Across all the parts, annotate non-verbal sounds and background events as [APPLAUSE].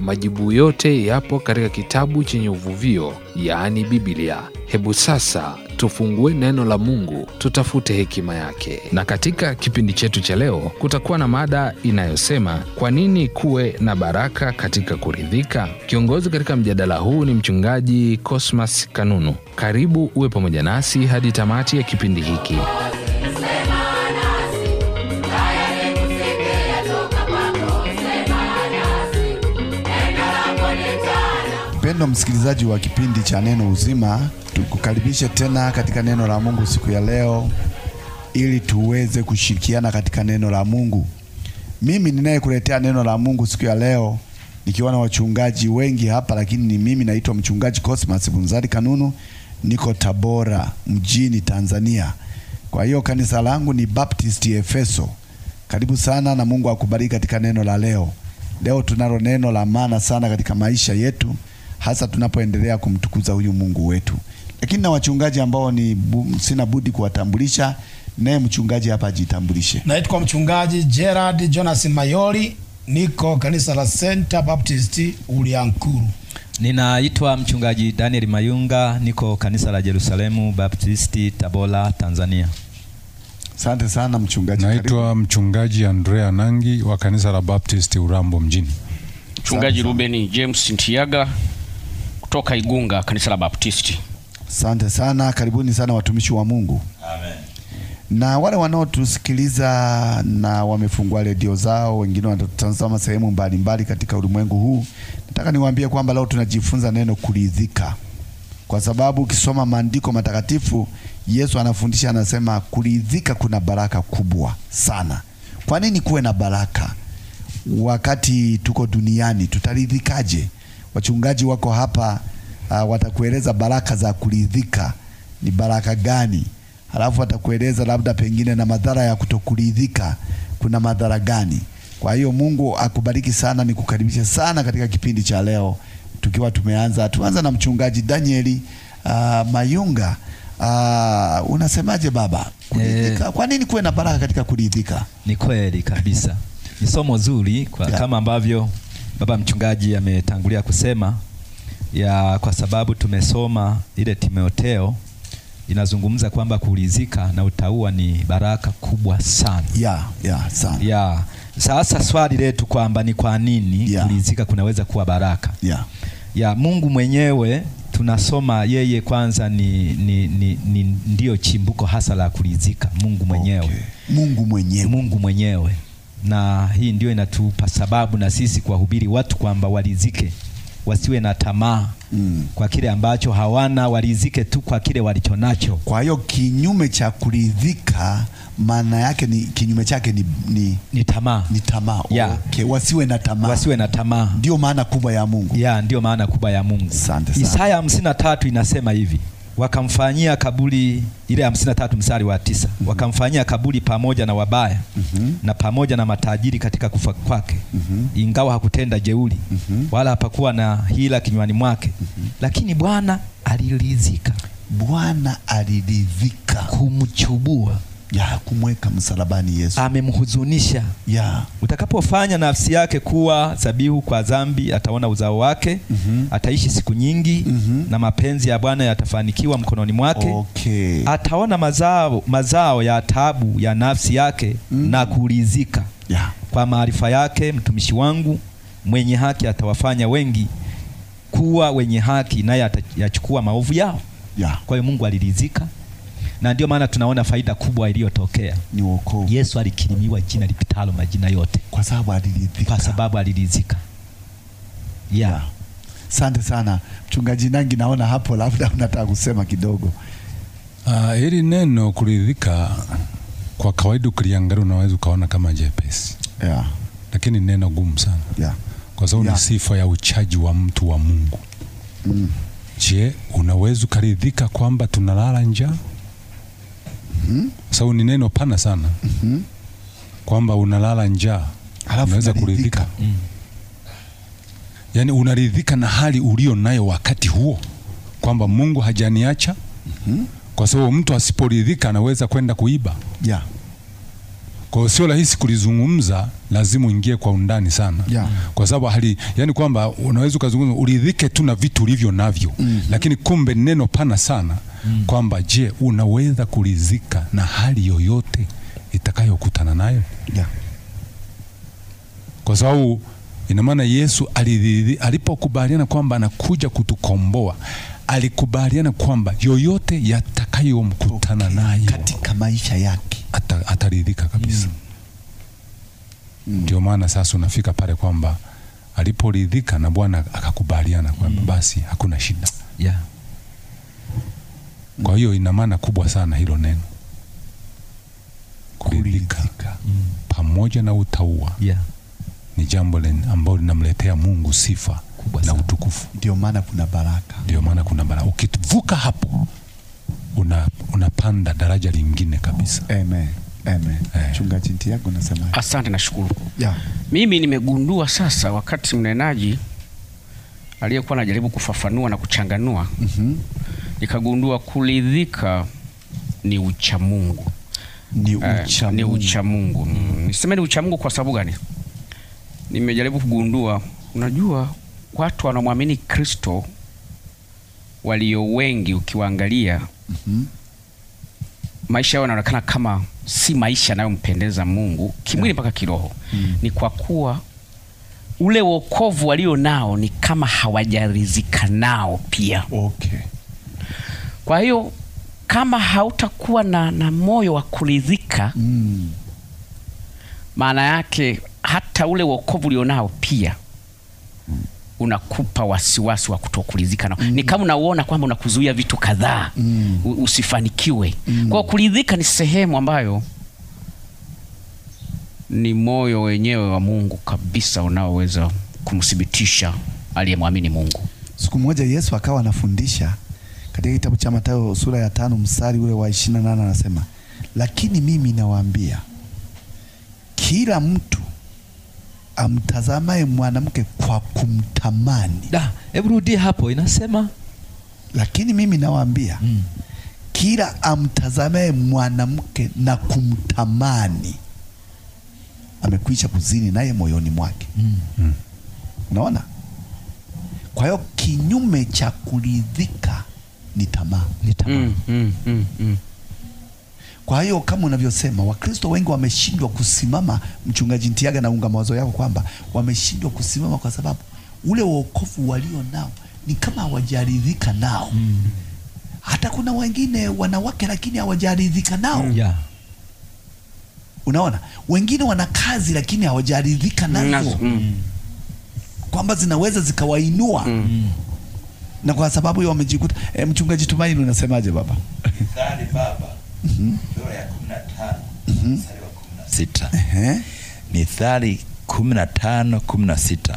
Majibu yote yapo katika kitabu chenye uvuvio, yaani Biblia. Hebu sasa tufungue neno la Mungu, tutafute hekima yake. Na katika kipindi chetu cha leo kutakuwa na mada inayosema kwa nini kuwe na baraka katika kuridhika. Kiongozi katika mjadala huu ni mchungaji Cosmas Kanunu. Karibu uwe pamoja nasi hadi tamati ya kipindi hiki. Mpendwa msikilizaji wa kipindi cha Neno Uzima, tukukaribishe tena katika neno la Mungu siku ya leo, ili tuweze kushirikiana katika neno la Mungu. Mimi ninayekuletea neno la Mungu siku ya leo nikiwa na wachungaji wengi hapa, lakini ni mimi naitwa mchungaji Cosmas Bunzari Kanunu, niko Tabora mjini, Tanzania. Kwa hiyo kanisa langu ni Baptist Efeso. Karibu sana na Mungu akubariki katika neno la leo. Leo tunalo neno la maana sana katika maisha yetu, hasa tunapoendelea kumtukuza huyu Mungu wetu. Lakini na wachungaji ambao ni bu, sina budi kuwatambulisha, naye mchungaji hapa ajitambulishe. Naitwa mchungaji Gerard Jonas Mayori, niko kanisa la Center Baptist Uliankuru. Ninaitwa mchungaji Daniel Mayunga, niko kanisa la Jerusalemu Baptist Tabora, Tanzania. Asante sana mchungaji. Naitwa mchungaji Andrea Nangi wa kanisa la Baptist Urambo mjini. Mchungaji Ruben James Ntiyaga, kutoka Igunga, kanisa la Baptisti. Asante sana, karibuni sana watumishi wa Mungu. Amen. Na wale wanaotusikiliza na wamefungua redio zao, wengine wanatutazama sehemu mbalimbali katika ulimwengu huu, nataka niwaambie kwamba leo tunajifunza neno kuridhika, kwa sababu ukisoma maandiko matakatifu Yesu anafundisha, anasema kuridhika kuna baraka kubwa sana. Kwa nini kuwe na baraka wakati tuko duniani? Tutaridhikaje? Wachungaji wako hapa uh, watakueleza baraka za kuridhika ni baraka gani, halafu watakueleza labda pengine na madhara ya kutokuridhika kuna madhara gani. Kwa hiyo Mungu akubariki sana, nikukaribisha sana katika kipindi cha leo, tukiwa tumeanza tuanza na mchungaji Danieli uh, Mayunga. Uh, unasemaje baba kuridhika? E, kwa nini kuwe na baraka katika kuridhika? Ni kweli kabisa, ni somo zuri kwa, yeah. kama ambavyo baba mchungaji ametangulia kusema ya kwa sababu tumesoma ile Timotheo inazungumza kwamba kuulizika na utaua ni baraka kubwa sana. Yeah, yeah, sana. Yeah. Sasa swali letu kwamba ni kwa nini yeah, kuulizika kunaweza kuwa baraka yeah. Yeah, Mungu mwenyewe tunasoma yeye kwanza ni, ni, ni, ni ndio chimbuko hasa la kuulizika Mungu mwenyewe. Okay. Mungu mwenyewe. Mungu mwenyewe na hii ndio inatupa sababu na sisi kuwahubiri watu kwamba walizike, wasiwe na tamaa mm. kwa kile ambacho hawana, walizike tu kwa kile nacho. Kwa hiyo kinyume cha kuridhika maana yake ni kinyume chake ni, ni, ni tamaa, ni tamaa yeah. Okay. Wasiwe na tamaa, wasiwe na tamaa, ndio maana kubwa ya Mungu yeah, ndio maana kubwa ya Mungu. Asante sana. Isaya 53 inasema hivi wakamfanyia kaburi ile hamsini na tatu msari wa tisa mm -hmm. wakamfanyia kaburi pamoja na wabaya mm -hmm. na pamoja na matajiri katika kufa kwake mm -hmm. ingawa hakutenda jeuri mm -hmm. wala hapakuwa na hila kinywani mwake mm -hmm. lakini Bwana aliridhika Bwana aliridhika kumchubua ya kumweka msalabani Yesu. Amemhuzunisha. Ya. Utakapofanya nafsi yake kuwa dhabihu kwa dhambi, ataona uzao wake, mm -hmm. ataishi siku nyingi, mm -hmm. na mapenzi ya Bwana yatafanikiwa mkononi mwake. Okay. Ataona mazao, mazao ya taabu ya nafsi yake, mm -hmm. na kuridhika. Ya. Kwa maarifa yake mtumishi wangu mwenye haki atawafanya wengi kuwa wenye haki, naye atayachukua maovu yao. Ya. Kwa hiyo Mungu aliridhika na ndio maana tunaona faida kubwa iliyotokea ni wokovu. Yesu alikirimiwa jina lipitalo majina yote kwa sababu aliridhika, kwa sababu aliridhika. Yeah. yeah. Asante sana mchungaji Nangi, naona hapo labda unataka kusema kidogo. Uh, ah, ili neno kuridhika kwa kawaida ukiliangalia unaweza ukaona kama jepesi. Yeah. Lakini neno gumu sana. Yeah. Kwa sababu yeah. ni sifa ya uchaji wa mtu wa Mungu. Mm. Je, unaweza ukaridhika kwamba tunalala njaa? -hmm. sababu ni neno pana sana mm -hmm. kwamba unalala njaa alafu unaweza kuridhika mm. yaani unaridhika na hali ulio nayo wakati huo kwamba Mungu hajaniacha mm -hmm. kwa sababu mtu asiporidhika anaweza kwenda kuiba yeah. Kwa sio rahisi kulizungumza, lazima uingie kwa undani sana yeah. Kwa sababu hali yani kwamba unaweza ukazungumza uridhike tu na vitu ulivyo navyo mm -hmm. Lakini kumbe neno pana sana mm mm. kwamba je, unaweza kuridhika na hali yoyote itakayokutana nayo yeah. Kwa sababu ina maana Yesu alipokubaliana kwamba anakuja kutukomboa alikubaliana kwamba yoyote yatakayomkutana okay. nayo katika maisha yake ataridhika kabisa mm. Mm. ndio mm. maana sasa unafika pale kwamba aliporidhika na Bwana akakubaliana kwamba mm. basi hakuna shida yeah. Kwa hiyo ina maana kubwa sana hilo neno kuridhika, mm. pamoja na utaua yeah. ni jambo ambalo linamletea Mungu sifa kubwa na utukufu. Ndio maana kuna baraka, ndio maana kuna baraka. Ukivuka hapo una, unapanda daraja lingine kabisa. Amen. Amen. Amen. Eh. Chungaji Ntiago unasema. Asante, nashukuru yeah. Mimi nimegundua sasa wakati mnenaji aliyekuwa anajaribu kufafanua na kuchanganua mm -hmm nikagundua kuridhika ni uchamungu ni eh, uchamungu, uh, ni uchamungu. Mm. Niseme ni uchamungu kwa sababu gani? Nimejaribu kugundua, unajua watu wanamwamini Kristo walio wengi ukiwaangalia, mm -hmm. maisha yao yanaonekana kama si maisha yanayompendeza Mungu kimwili mpaka yeah. kiroho mm. ni kwa kuwa ule wokovu walio nao ni kama hawajarizika nao pia okay. Kwa hiyo kama hautakuwa na, na moyo wa kuridhika mm. maana yake hata ule wokovu ulionao pia mm. unakupa wasiwasi wa kutokuridhika nao mm. ni kama unauona kwamba unakuzuia vitu kadhaa mm. usifanikiwe mm. kwao kuridhika ni sehemu ambayo ni moyo wenyewe wa Mungu kabisa unaoweza kumthibitisha aliyemwamini Mungu. Siku moja Yesu akawa anafundisha katika kitabu cha Mathayo sura ya tano mstari ule wa ishirini na nane anasema, lakini mimi nawaambia kila mtu amtazamaye mwanamke kwa kumtamani. Da, hebu rudi hapo, inasema lakini mimi nawaambia mm. kila amtazamaye mwanamke na kumtamani amekwisha kuzini naye moyoni mwake. mm. mm. Unaona, kwa hiyo kinyume cha kuridhika ni tamaa, ni tamaa. Mm, mm, mm, mm. Kwa hiyo kama unavyosema Wakristo wengi wameshindwa kusimama, mchungaji Ntiaga, naunga mawazo yako kwamba wameshindwa kusimama kwa sababu ule wokovu walio nao ni kama hawajaridhika nao mm. Hata kuna wengine wanawake lakini hawajaridhika nao mm, yeah. Unaona, wengine wana kazi lakini hawajaridhika mm, nazo mm. Kwamba zinaweza zikawainua mm na kwa sababu wamejikuta. E, Mchungaji Tumaini unasemaje baba? Mithali baba mhm. sura ya 15 mhm. mstari wa 16. Mithali 15:16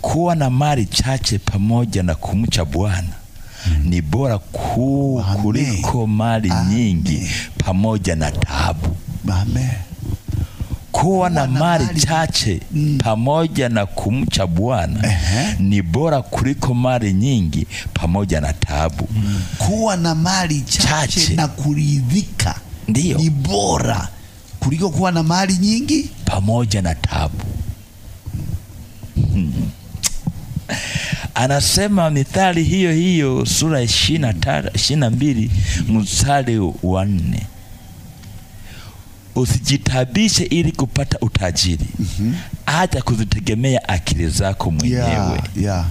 kuwa na mali chache pamoja na kumcha Bwana mhm. ni bora kuu kuliko mali nyingi pamoja na taabu. Amen kuwa na mali chache mm. pamoja na kumcha Bwana uh -huh. ni bora kuliko mali nyingi pamoja na taabu. mm. Kuwa na mali chache, chache na kuridhika ndio ni bora kuliko kuwa na mali nyingi pamoja na taabu. hmm. Anasema mithali hiyo hiyo sura ishirini na mbili mstari wa nne usijitabishe ili kupata utajiri. mm -hmm. Acha kuzitegemea akili zako mwenyewe. yeah, yeah.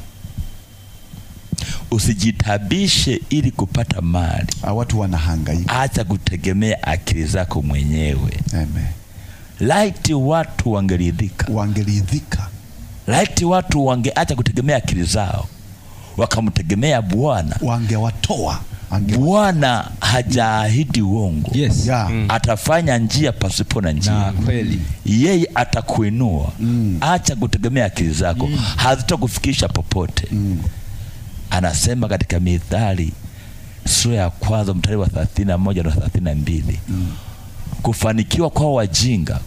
Usijitabishe ili kupata mali. Ah, watu wanahangaika. Acha kutegemea akili zako mwenyewe. Amen. Laiti watu wangeridhika, wangeridhika. Laiti watu wangeacha kutegemea akili zao wakamtegemea Bwana, wangewatoa Bwana hajaahidi uongo. Yes. Yeah. Mm. mm. Atafanya njia pasipo na njia. Na kweli. Yeye atakuinua. Mm. Acha kutegemea akili zako. Mm. Hazitakufikisha popote. Mm. Anasema katika Mithali sura ya kwanza mstari wa 31 na 32. Mm. Kufanikiwa kwa wajinga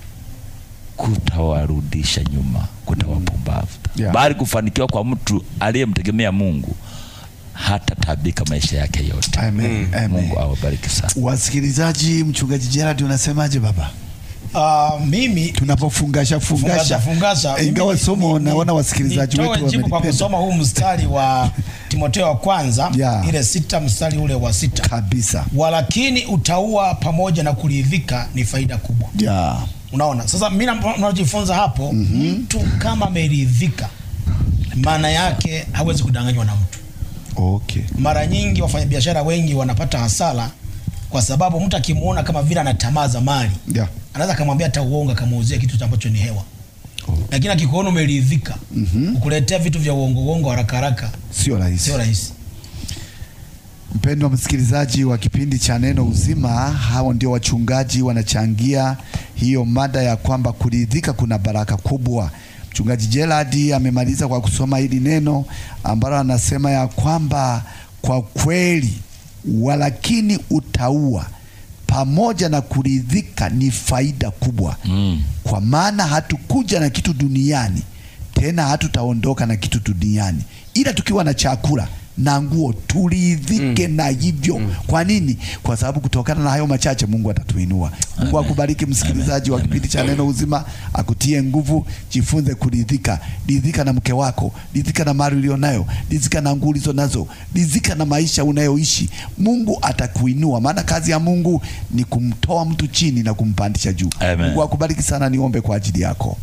kutawarudisha nyuma, kutawapumbavu. Mm. Yeah. Bali kufanikiwa kwa mtu aliyemtegemea Mungu hata tabika maisha yake yote. Amen. Mm. Amen. Mungu awabariki sana wasikilizaji. Mchungaji Gerald, unasemaje baba? Uh, mimi tunapofungasha fungasha fungasha, ingawa somo naona wasikilizaji wetu wamelipenda kwa kusoma huu mstari wa [LAUGHS] Timotheo wa kwanza yeah, ile sita mstari ule wa sita kabisa, walakini utaua pamoja na kuridhika ni faida kubwa yeah. Unaona sasa, mimi ninachojifunza hapo mm -hmm. mtu kama ameridhika, maana yake hawezi kudanganywa na mtu Okay. Mara nyingi wafanyabiashara wengi wanapata hasara kwa sababu mtu akimuona kama vile ana tamaa za mali yeah. anaweza akamwambia hata uongo akamuuzia kitu ambacho ni hewa oh. Lakini akikuona umeridhika mm -hmm. ukuletea vitu vya uongo uongo haraka haraka, sio rahisi, sio rahisi. Mpendwa msikilizaji wa kipindi cha Neno Uzima, hao ndio wachungaji wanachangia hiyo mada ya kwamba kuridhika kuna baraka kubwa Mchungaji Gerald amemaliza kwa kusoma hili neno ambalo anasema ya kwamba kwa kweli, walakini utaua pamoja na kuridhika ni faida kubwa mm. Kwa maana hatukuja na kitu duniani, tena hatutaondoka na kitu duniani, ila tukiwa na chakula na nguo turidhike mm. na hivyo mm. Kwa nini? Kwa sababu kutokana na hayo machache Mungu atatuinua. Mungu akubariki msikilizaji wa kipindi cha Neno Uzima, akutie nguvu. Jifunze kuridhika, ridhika na mke wako, ridhika na mali ulionayo, ridhika na nguo ulizo nazo, ridhika na maisha unayoishi. Mungu atakuinua, maana kazi ya Mungu ni kumtoa mtu chini na kumpandisha juu. Mungu akubariki sana. Niombe kwa ajili yako.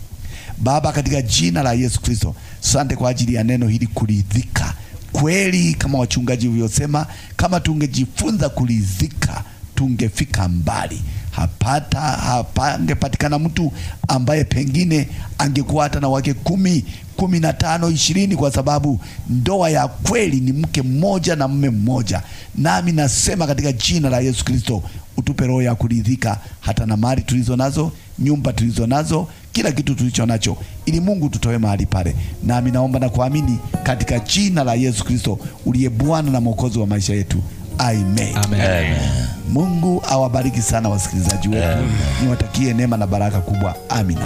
Baba, katika jina la Yesu Kristo, asante kwa ajili ya neno hili kuridhika kweli kama wachungaji walivyosema, kama tungejifunza kuridhika tungefika mbali. Hapata hapangepatikana mtu ambaye pengine angekuwa hata na wake kumi, kumi na tano, ishirini, kwa sababu ndoa ya kweli ni mke mmoja na mume mmoja. Nami nasema katika jina la Yesu Kristo, utupe roho ya kuridhika hata na mali tulizo nazo, nyumba tulizo nazo, kila kitu tulicho nacho, ili Mungu tutoe mahali pale. Nami naomba na kuamini katika jina la Yesu Kristo uliye Bwana na Mwokozi wa maisha yetu. Amen. Amen. Amen. Mungu awabariki sana wasikilizaji wetu, niwatakie neema na baraka kubwa. Amina.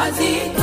Azita.